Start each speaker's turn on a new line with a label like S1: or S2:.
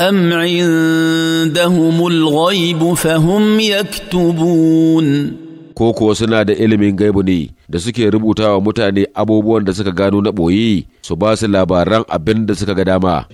S1: أم عندهم الغيب فهم يكتبون
S2: ko kuwa suna da ilimin gaibu ne da suke rubuta wa mutane abubuwan da suka gano na ɓoye su ba su labaran abin da suka ga dama